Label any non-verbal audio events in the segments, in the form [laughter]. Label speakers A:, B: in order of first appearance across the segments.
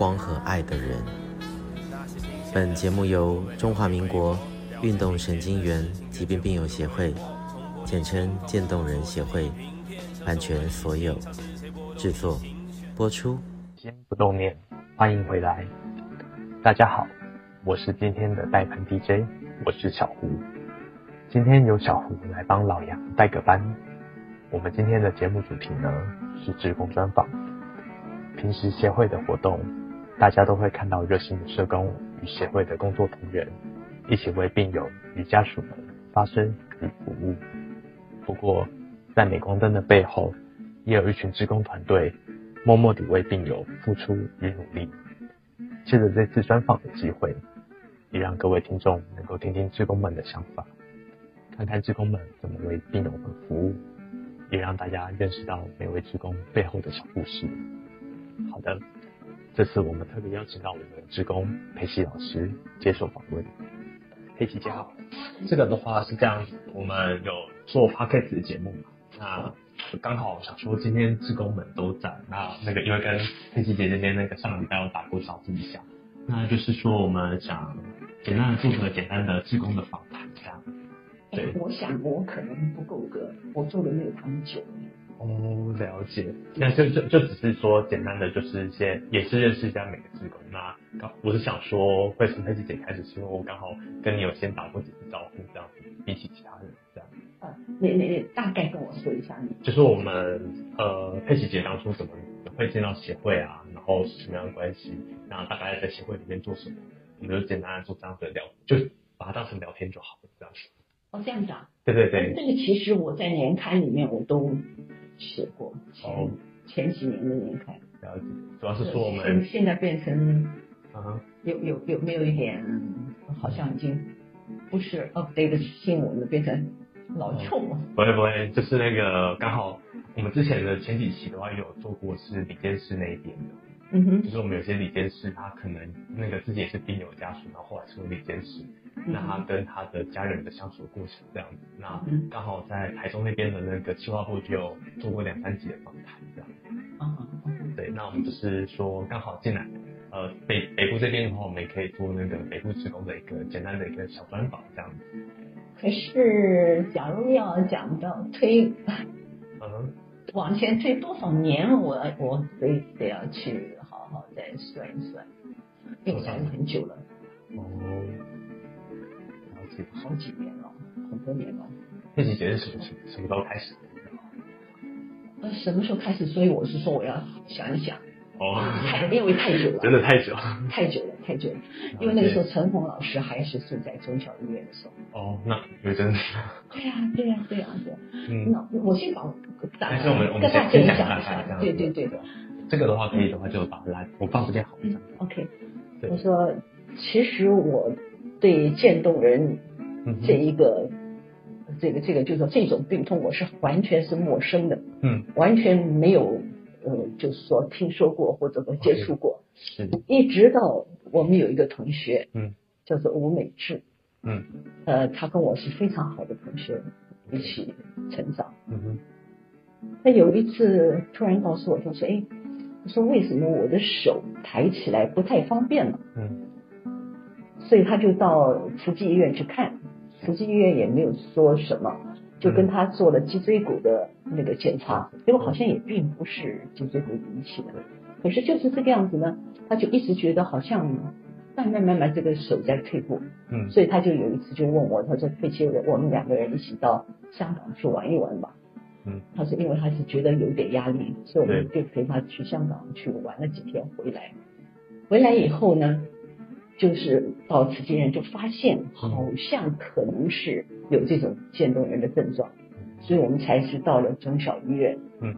A: 光和愛的人。本節目由中華民國運動神經元疾病病友協會，簡稱漸凍人協會，版權所有，製作、播出。起心不凍念，歡迎回來。
B: 大家好，我是今天的代班 DJ，我是小胡。今天由小胡來幫老羊代個班。我們今天的節目主題呢是志工專訪。平時協會的活動。大家都會看到熱心的社工與協會的工作同仁，一起為病友與家屬們發聲與服務。不過，在鎂光燈的背後，也有一群志工團隊，默默地為病友付出與努力。借着這次專訪的機會，也讓各位聽眾能夠聽聽志工們的想法，看看志工們怎麼為病友們服務，也讓大家認識到每位志工背後的小故事。好的。這次我們特別邀請到我們的志工蓓琪老師接受訪問。蓓琪姐好，這個的話是這樣，我們有做 podcast 的節目嘛，那剛好我想說今天志工們都在，那那個因為跟蓓琪姐姐那個上個禮拜我打過招呼一下，那就是說我們想簡單的做個簡單的志工的訪談這樣。
C: 對、欸，我想我可能不夠格，我做的沒有他們久。
B: 哦，了解，嗯、那就就就只是說簡單的，就是一些也是認識一下每個職工。那剛我是想說會從蓓琪姐開始，我剛好跟你有先打過幾次招呼，這樣子比起其他人這樣子。呃，你
C: 你大概跟我說一下，你
B: 就是我們呃蓓琪姐當初怎麼會進到協會啊，然後什麼樣的關係，然後大概在協會裡面做什麼，我們就簡單的做這樣子的聊，就把它當成聊天就好了，這樣子。
C: 哦，這樣子啊。對對對、啊。這個其實我在年刊裡面我都。.寫過前、哦、前幾年的年代，了解，主要是說我們現在變成啊，有有有沒有一點好像已經不是 update 的新聞了，變成老臭了、
B: 哦。不會不會，就是那個剛好我們之前的前幾期的話有做過是鋰電視那一邊的。嗯哼，就是我們有些理監事，他可能那個自己也是病友家屬，然後後來成為理監事，嗯、哼那他跟他的家人的相處過程這樣子，那剛好在台中那邊的那個企劃部有做過兩三集的訪談這樣子，啊、嗯哼，對，那我們只是說剛好進來，呃，北北部這邊的話，我們也可以做那個北部志工的一個簡單的一個小專訪這樣子。
C: 可是，假如要講到推，嗯哼，往前推多少年，我我得得要去。算一算，因為很久了。哦，好幾年了，很多年了。那
B: 之前是什麼時
C: 什麼時候開始？呃，什麼時候開始？所以我是說我要想一想。哦，因為太久了，真的太久了，太久了，太久了。因為那個時候陳紅老師還是住在中小醫院的時候。
B: 哦，那那真
C: 的。對呀，對呀，對呀，對。嗯，我先把個大，但是我們我們先分享一下，對對對的。
B: 這個的話可以的話就把它來，我放時間好一點。OK，
C: 我說其實我對漸凍人這一個這個這個就是說這種病痛我是完全是陌生的，嗯，完全沒有呃就是說聽說過或者說接觸過，是的。一直到我們有一個同學，嗯，叫做吳美智，嗯，呃，他跟我是非常好的同學，一起成長，嗯哼。他有一次突然告訴我，他說哎。說為什麼我的手抬起來不太方便呢？嗯，所以他就到慈濟醫院去看，慈濟醫院也沒有說什麼，就跟他做了脊椎骨的那個檢查，結果、嗯、好像也並不是脊椎骨引起的，可是就是這個樣子呢，他就一直覺得好像慢慢慢慢這個手在退步，嗯，所以他就有一次就問我，他說：“蓓琪，我們兩個人一起到香港去玩一玩吧。”嗯，他是因為他是覺得有點壓力，所以我們就陪他去香港去玩了幾天，回來，回來以後呢，就是到慈濟院就發現好像可能是有這種漸凍人的症狀，所以我們才是到了中小醫院。嗯，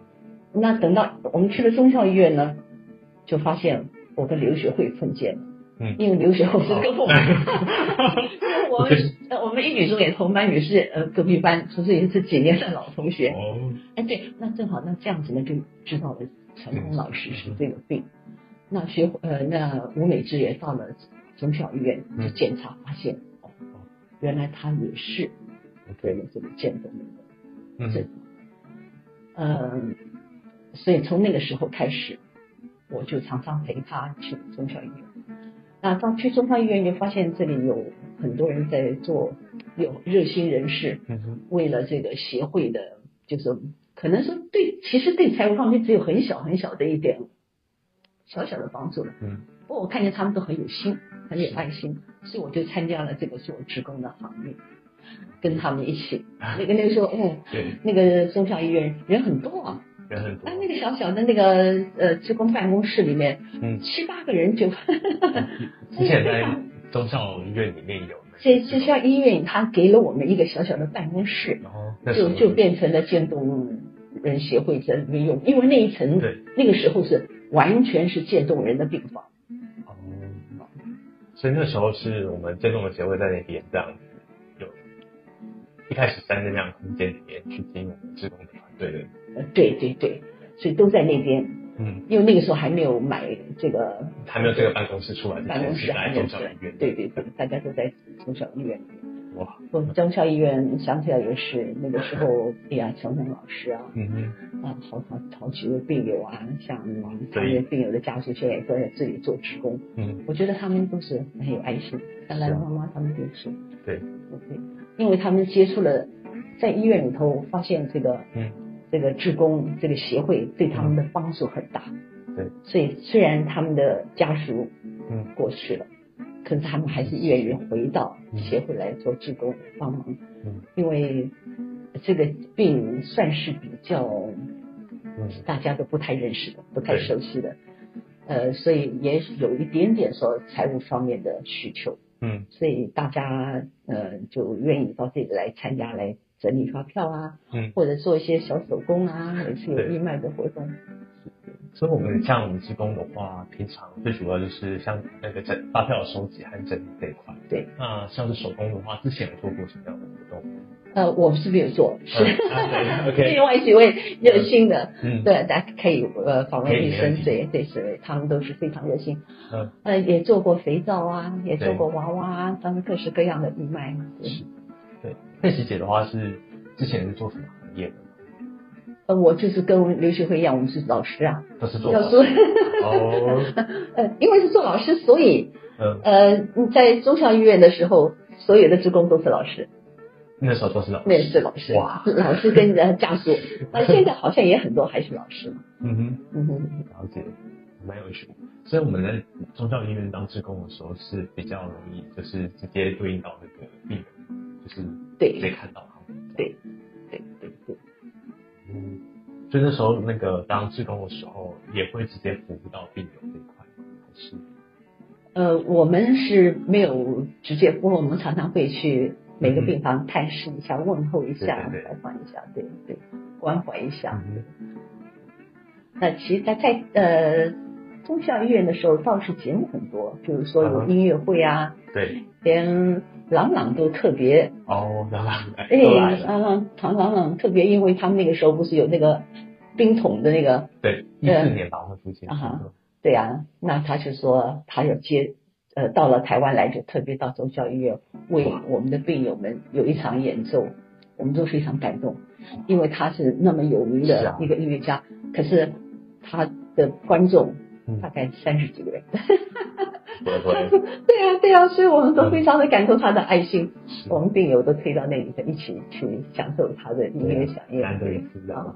C: 那等到我們去了中小醫院呢，就發現我跟劉學會碰見。
A: 因為留學後是
C: 跟我們，我對、呃、我們一女生也同班，女是呃隔壁班，說是也是幾年的老同學。哦，哎對，那正好那這樣子呢，就知道了陳紅老師是這個病。那學呃那吳美芝也到了中小醫院去檢查，發現、嗯、哦，原來她也是得了這個漸凍症。嗯、呃，所以從那個時候開始，我就常常陪她去中小醫院。那剛去中山醫院，就發現這裡有很多人在做，有熱心人士，為了這個協會的，就是可能說對，其實對財務方面只有很小很小的一點小小的幫助了。嗯。不過我看見他們都很有心，很有愛心，是所以我就參加了這個做志工的行業，跟他們一起。那個那個時候，嗯，對，那個中山醫院人很多啊。啊，那，那個小小的那個呃，職工辦公室裡面，嗯，七八個人就，嗯、
B: 呵呵之前在中校醫院裡面有，
C: 這這像醫院，他給了我們一個小小的辦公室，哦，然後，就就變成了漸凍人協會在裡面用，因為那一層對那個時候是完全是漸凍人的病房，
B: 哦、嗯，所以那時候是我們漸凍的協會在那邊這樣子，有，一開始三個那樣空間裡面去經營我們職工團隊的。對對對
C: 對對對，所以都在那邊。嗯，因為那個時候還沒有買這個，還沒有這個辦公室出來，辦公室還沒有來中小醫院，對，對對對，大家都在中小醫院裡。哇！中小醫院想起來也是那個時候， [laughs] 哎呀，小梅老師啊，嗯嗯哼，啊，好，好，好幾位病友啊，像這些病友的家屬，現在都在這裡做志工。嗯，我覺得他們都是很有愛心，爸爸、嗯、媽媽他們也是、啊。對。OK，因為他們接觸了，在醫院裡頭發現這個，嗯。這個志工這個協會對他們的幫助很大，對、嗯，所以雖然他們的家屬，嗯，過去了，嗯、可是他們還是願意回到協會來做志工、嗯、幫忙，嗯，因為這個病算是比較，大家都不太認識的，嗯、不太熟悉的，嗯、呃，所以也有一點點說財務方面的需求。嗯，所以大家呃就願意到這裡來參加，來整理發票啊，嗯、或者做一些小手工啊，也是有義賣的活動。是的對，對所以我們像
B: 我們志工的話，嗯、平常最主要就是像那個整發票收集和整理這一塊。對，那像是手工的話，之前有做過什麼樣的活動？
C: 呃，我們是不是有做，是另外幾位熱心的，對，大家可以呃訪問一生，這這是。他們都是非常熱心，呃，也做過肥皂啊，也做過娃娃，他們各式各樣的義賣。是，對，
B: 蓓琪姐的話是之前是做什麼行
C: 業的？呃，我就是跟劉旭輝一樣，我們是老師啊，不是做老師。呃，因為是做老師，所以呃呃，在中祥醫院的時候，所有的志工都是老師。
B: 那時候都是老師，那是老師哇，
C: 老師跟着家家屬，那 [laughs] 現在好像也很多還是老師嘛。
B: 嗯哼，嗯哼，了解，蠻有趣。所以我們在宗教醫院當志工的時候，是比較容易，就是直接對應到那個病人，就是對，可以看到他們。
C: 對對對對。
B: 嗯，所以那時候那個當志工的時候，也會直接服務到病友這一塊還
C: 是？呃，我們是沒有直接服務，我們常常會去。每個病房探視一下，嗯、問候一下，採訪一下，對對，關懷一下。嗯、那其實他在呃中校醫院的時候倒是節目很多，比如說有音樂會啊，啊對，連郎朗都特別哦，郎朗哎，來郎朗、哎啊，唐郎朗特別，因為他們那個時候不是有那個冰桶的那個
B: 對，一四、嗯、年拿出現
C: 啊，對啊，那他就說他要接。呃，到了台灣來就特別到宗教音樂為我們的病友們有一場演奏。哇我們都非常感動，因為他是那麼有名的一個音樂家，是啊、可是他的觀眾大概三十幾個人，哈哈哈哈哈， [laughs] 會 [laughs] 對啊對啊，所以我們都非常的感動他的愛心，嗯、我們病友都推到那裡的一起去享受他的
B: 音樂享受，對啊。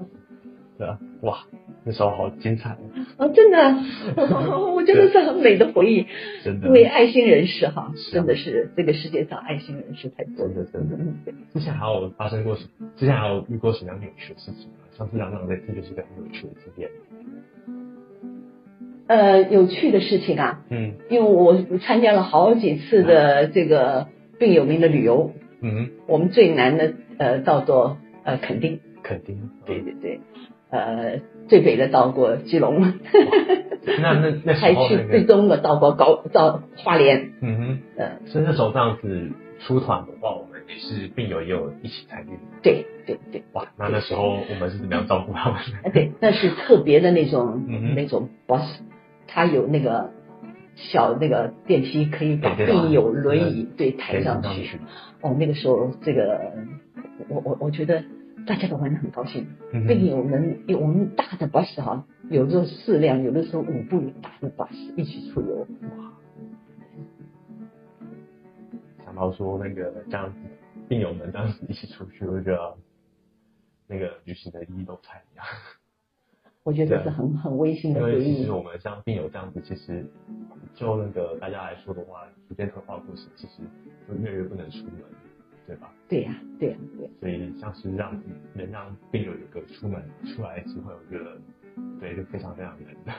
B: 對啊，哇，那時候好精
C: 彩哦真的，啊我，我真的是很美的回憶。真的 [laughs] 對，因為愛心人士哈，啊、真的是這個世界上愛心人士太多真的真的。嗯、對之，之前還有發生
B: 過什？之前還有遇過什麼樣有趣的事情？上次兩朗那次就是一個很有趣的經驗。嗯、
C: 之呃，有趣的事情啊，嗯，因為我參加了好幾次的這個病友們的旅遊。嗯，我們最難的呃叫做呃墾丁。墾丁，墾丁嗯、對對對。呃，最北的到過基隆，那
B: 那那時候，那個，還去最
C: 東的到過高到花蓮。嗯哼，
B: 呃、嗯，所以那時候這樣子出團的話，我們也是病友也有一起參與。對對對。哇，那個時候我們是怎麼樣照顧他們的？對，
C: 對， [laughs] 對，那是特別的那種，嗯、哼那種 boss，他有那個小那個電梯可以把病友輪椅對抬上去。嗯、上去哦，那個時候這個，我我我覺得。大家都玩得很高興，病友們有、嗯、哼我們大的巴士哈，有的時候四輛，有的時候五部大的巴士一起出遊，哇！
B: 想到說那個這樣子，病友們這樣子一起出去，我覺得那個旅行的意義都不一樣。
C: 我覺得這是很很溫馨的。因為其實我
B: 們像病友這樣子，其實就那個大家來說的話，逐漸退化過程，其實就越來越不能出門。對吧？對呀、啊，對呀、啊，對、啊。所以像是讓能讓病友有個出門出來之後會，我覺得對，就非常
C: 非常難。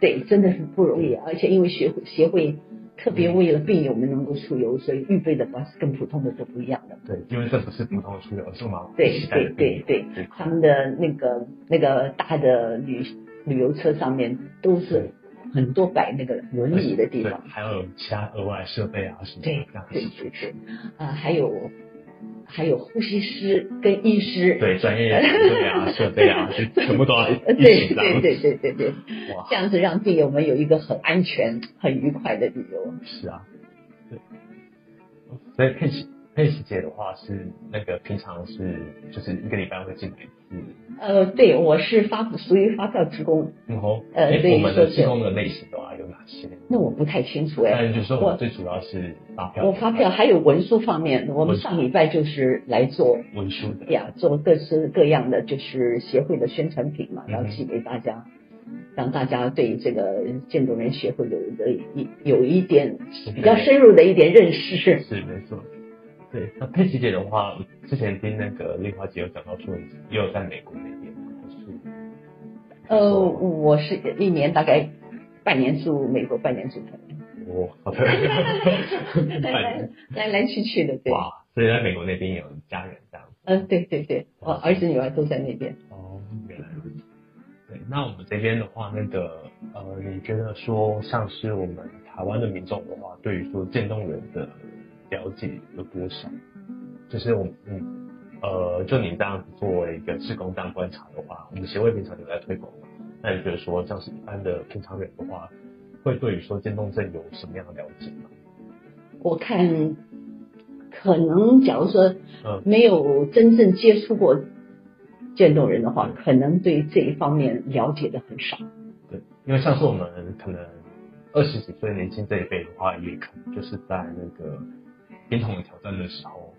C: 對，真的是不容易。對而且因為協會協會特別為了病友們能夠出遊，對所以預備的巴士跟普通的都不一樣的。
B: 對，因為這不是普通的出遊，是嗎？對對對對，對對他
C: 們的那個那個大的旅旅遊車上面都是。很多擺那個輪椅的地方，
B: 還有其他額外設
C: 備啊什麼？對，這樣子啊，還有還有呼吸師跟醫師，對，專業人員設備啊，設備啊，就 [laughs] 對全部都要一對對對對對對，這樣子讓病友們有一個很安全、很愉快的旅遊。是啊，對。
B: 所以蓓琪蓓琪姐的話是那個平常是就是一個禮拜會進一次。
C: 呃，對，我是發屬於發票志工。嗯好。呃，我們的志工
B: 的類型的話有
C: 哪些？那我不太清楚哎。但
B: 就說，我最主要是發票。我發票還有文
C: 書方面，我們上禮拜就是來做文書的呀，做各式各樣的就是協會的宣傳品嘛，然後寄給大家，讓大家對這個建築人協會有一個一有一點比較深入的一點認識。是是
B: 沒錯。對，那蓓琪姐的話，之前聽那個麗華姐有講到說，你也有在美國那邊
C: 嗎？可是呃，哇我是一年大概半年住美國，半年住台
B: 灣。哇、哦，好特別！
C: 哈哈哈來來，來來去去的，對。哇，
B: 所以在美國那邊有家人這樣
C: 子。嗯、呃，對對對，呃哇、哦，兒子女兒都在那邊。
B: 哦，原來如此。對，那我們這邊的話，那個呃，你覺得說像是我們台灣的民眾的話，對於說漸凍人的？了解有多少？就是我嗯，呃，就你這樣子作為一個志工當觀察的話，我們協會平常有在推廣，那你覺得說像是一般的平常人的話，會對於說漸凍症有什麼樣的了解嗎？
C: 我看，可能假如說沒有真正接觸過漸凍人的話，嗯、可能對這一方面了解得很少。
B: 對，因為像是我們可能二十幾歲年輕這一輩的話，也可能就是在那個。冰桶的挑戰的時候，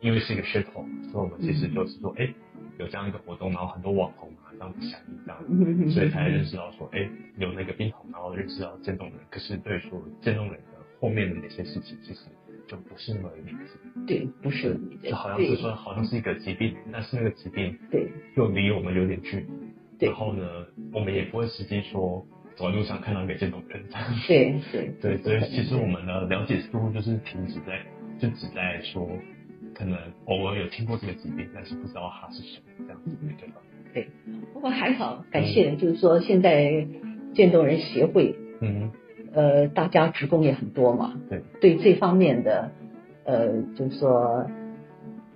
B: 因為是一個噱頭，所以我們其實就是說，哎、嗯、欸，有這樣一個活動，然後很多網紅啊這樣響應這樣，嗯、所以才認識到說，哎、欸，有那個冰桶，然後認識到漸凍人。可是對說漸凍人的後面的哪些事情，其實就不是那麼明顯。
C: 對，不是理解，對就好像就是說，
B: 對好像是一個疾病，但是那個疾病對就離我們有點距離。對，然後呢，我們也不會實際說走在路上看到一個漸凍人這樣，對對 [laughs] 對，對所以其實我們的了解似乎就是停止在。就只在說，可能偶爾有聽過這個疾病，但是不知道它是什麼這樣
C: 子，對吧？對，不過還好，感謝、嗯、就是說現在漸凍人協會，嗯，呃，大家志工也很多嘛，對，對這方面的，呃，就是說，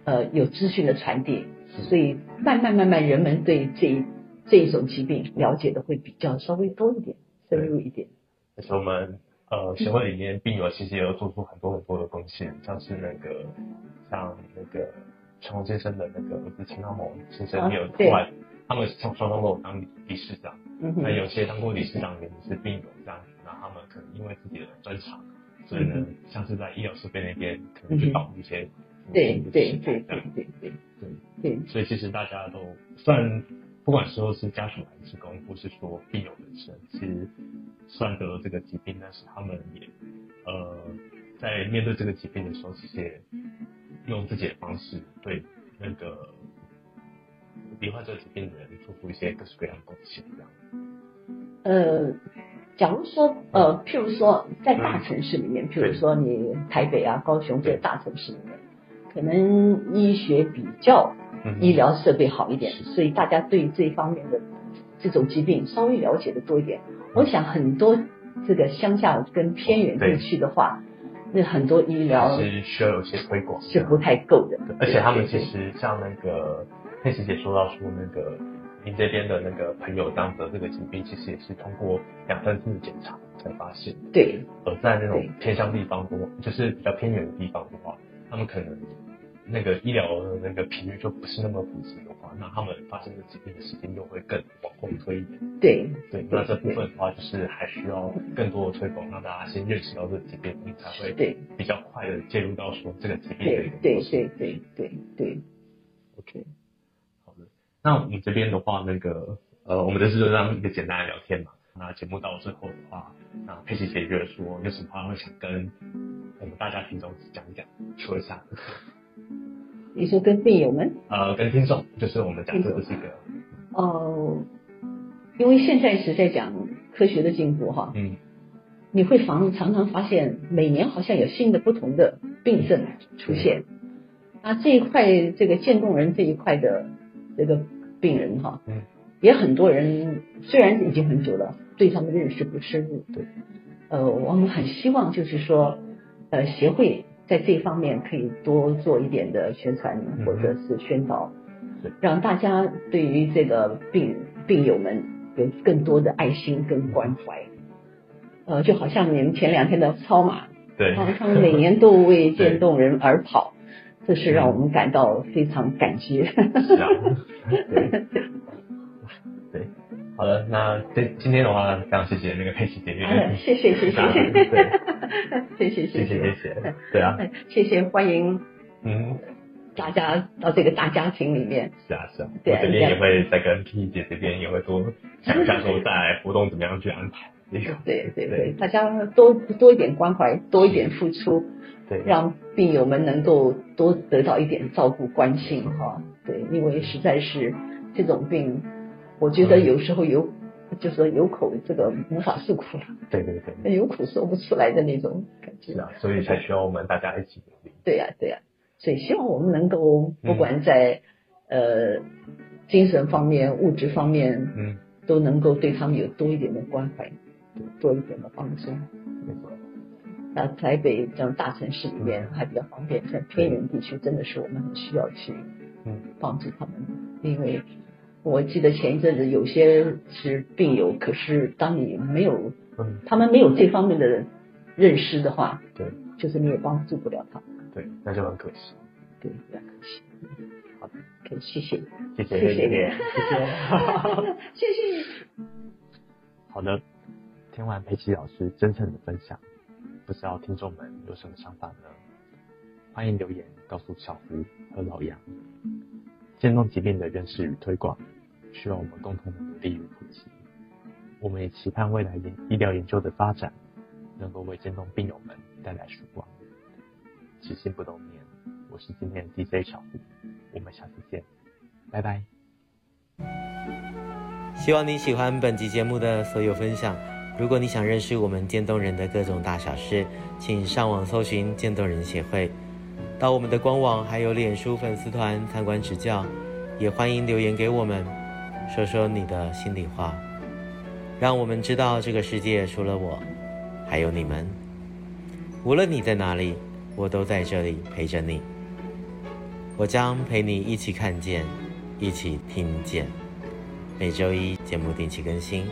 C: 呃，有資訊的傳遞，嗯、所以慢慢慢慢，人們對這一這一種疾病了解的會比較稍微多一點，深入一點。那
B: 我們。呃，協會裡面病友其實也有做出很多很多的貢獻，像是那個像那個陳龍先生的那個不是陳阿先生，也有，啊，後來他們雙雙方都有當理事長，嗯哼，那有些當過理事長的也是病友這樣子。那他們可能因為自己的專長，嗯、哼所以呢，像是在醫療設備那邊可能就搞一些不
C: 同，對對對
B: 對對，所以其實大家都算。不管說是家屬還是公，或是說病友本身，其實算得了這個疾病，但是他們也呃，在面對這個疾病的時候，其實用自己的方式對那個罹患這個疾病的人做出一些各式各樣的貢獻。
C: 呃，假如說呃，譬如說在大城市裡面，譬如說、嗯、你台北啊、對高雄這些大城市裡面，可能醫學比較。嗯、醫療設備好一點，是所以大家對這一方面的這種疾病稍微了解的多一點。嗯、哼我想很多這個鄉下跟偏遠地區的話，嗯、
B: 那很多醫療是
A: 需要有些推廣，是不太夠的。對對而且他們其實
B: 像那個對對對蓓琪姐說到說，那個您這邊的那個朋友當得這個疾病，其實也是通過兩三次的檢查才發現。對，而在那種偏鄉地方多，多對就是比較偏遠的地方的話，他們可能。那個醫療的那個頻率就不是那麼普及的話，那他們發生的疾病的時間就會更往後推一點。對對，對對，那這部分的話就是還需要更多的推廣， [laughs] 讓大家先認識到這疾病，你才會對比較快的介入到說這個疾病的對對
C: 對對對對，對
B: OK，好的，那我們這邊的話，那個呃，我們就是讓一個簡單的聊天嘛。那節目到最後的話，那蓓琪姐姐說有什麼話會想跟我們大家庭中講一講，說一下。
C: 你說跟病友們？
B: 呃，跟聽眾，就是我們講的這個。
C: 哦、呃，因為現在是在講科學的進步哈。嗯。你會發，常常發現，每年好像有新的不同的病症出現。嗯、啊，這一塊這個漸凍人這一塊的這個病人哈，嗯，也很多人雖然已經很久了，對他們的認識不深入。對。對呃，我們很希望就是說，呃，協會。在這方面可以多做一點的宣傳，或者是宣導，讓大家對於這個病病友們有更多的愛心跟關懷。呃，就好像你們前兩天的超馬，對，他們每年都為漸凍人而跑，對這是讓我們感到非常感激。是
B: 啊、對，對，對，好了，那這今天的話，非常謝謝那個蓓琪姐姐，謝謝謝謝。
C: [laughs] 謝謝謝謝謝謝，對啊，謝謝歡迎，嗯，大家到這個大家庭裡面，是啊是啊，是啊對啊，我這邊也會
B: 再跟 P 姐這邊也會多想想說在活動怎麼樣去安排， [laughs] 對，對
C: 對對，對大家多多一點關懷，多一點付出，對，讓病友們能夠多得到一點照顧關心哈，對，因為實在是這種病，我覺得有時候有。嗯就是說有口這個無法訴苦了，對對對，有苦說不出來的那種感覺，是啊，所
B: 以才需要我們大家一起努力，
C: 啊。對呀，對呀，所以希望我們能夠不管在、嗯、呃精神方面、物質方面，嗯，都能夠對他們有多一點的關懷，嗯、多一點的幫助。沒錯，嗯，那台北這樣大城市裡面還比較方便，嗯、在偏遠地區真的是我們很需要去嗯幫助他們，嗯、因為。我記得前一陣子有些是病友，可是當你沒有，嗯、他們沒有這方面的人認識的話，對，就是你也幫助不了他。對，那就很可惜。對，要可惜。好的，可以、okay, 謝謝。謝謝， [laughs] [laughs] 謝謝，謝謝，謝謝。
B: 好的，聽完蓓琪老師真誠的分享，不知道聽眾們有什麼想法呢？歡迎留言告訴小胡和老羊。嗯漸凍疾病的認識與推廣，需要我們共同的努力與普及。我們也期盼未來醫醫療研究的發展，能夠為漸凍病友們帶來曙光。
A: 起心不凍念，我是今天的 DJ 小胡，我們下次見，
B: 拜拜。
A: 希望你喜歡本集節目的所有分享。如果你想認識我們漸凍人的各種大小事，請上網搜尋漸凍人協會。到我們的官網還有臉書粉絲團參觀指教，也歡迎留言給我們，說說你的心裡話，讓我們知道這個世界除了我，還有你們。無論你在哪裡，我都在這裡陪着你。我將陪你一起看見，一起聽見。每周一節目定期更新，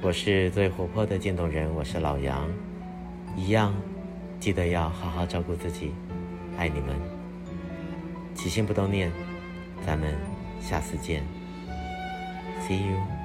A: 我是最活潑的漸凍人，我是老羊。一樣，記得要好好照顧自己。愛你們，起心不凍念，咱們下次見，See you。